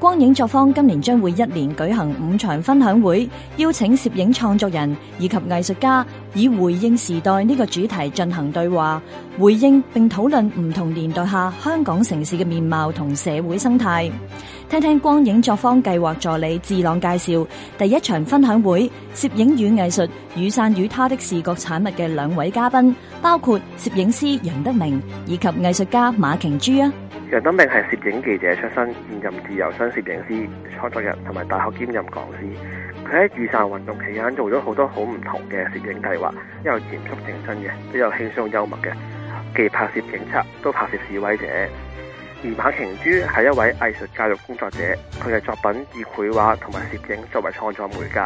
光影作坊今年將會一年舉行五場分享會，邀請攝影創作人以及藝術家以，以回應時代呢、這個主題進行對話，回應並討論唔同年代下香港城市嘅面貌同社會生態。聽聽光影作坊計劃助理智朗介紹第一場分享會攝與藝術：攝影與藝術、雨傘與他的視覺產物嘅兩位嘉賓，包括攝影師楊德明以及藝術家馬瓊珠啊。楊德明係攝影記者出身，現任自由身攝影師、創作人同埋大學兼任講師。佢喺雨傘運動期間做咗好多好唔同嘅攝影計劃，又嚴肅認真嘅，又輕鬆幽默嘅，既拍攝警察，都拍攝示威者。而馬瓊珠係一位藝術教育工作者，佢嘅作品以繪畫同埋攝影作為創作媒介。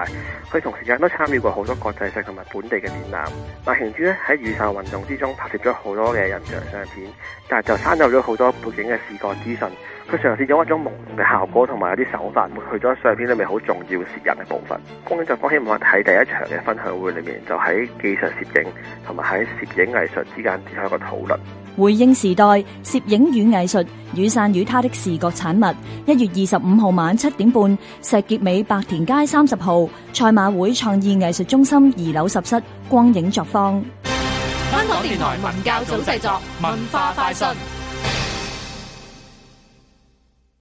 佢同時間都參與過好多國際性同埋本地嘅展覽。馬瓊珠咧喺雨傘運動之中拍攝咗好多嘅人像相片，但係就刪減咗好多背景嘅視覺資訊。佢嘗試用一種朦朧嘅效果同埋有啲手法，抹去咗相片入面好重要攝人嘅部分。工作坊希望喺第一場嘅分享會裏面，就喺技術攝影同埋喺攝影藝術之間展開一個討論，回應時代攝影與藝術。雨傘與他的視覺產物，一月二十五號晚七點半，石硖尾白田街三十號賽馬會創意藝術中心二樓十室光影作坊。香港電台文教組製作，文化快訊。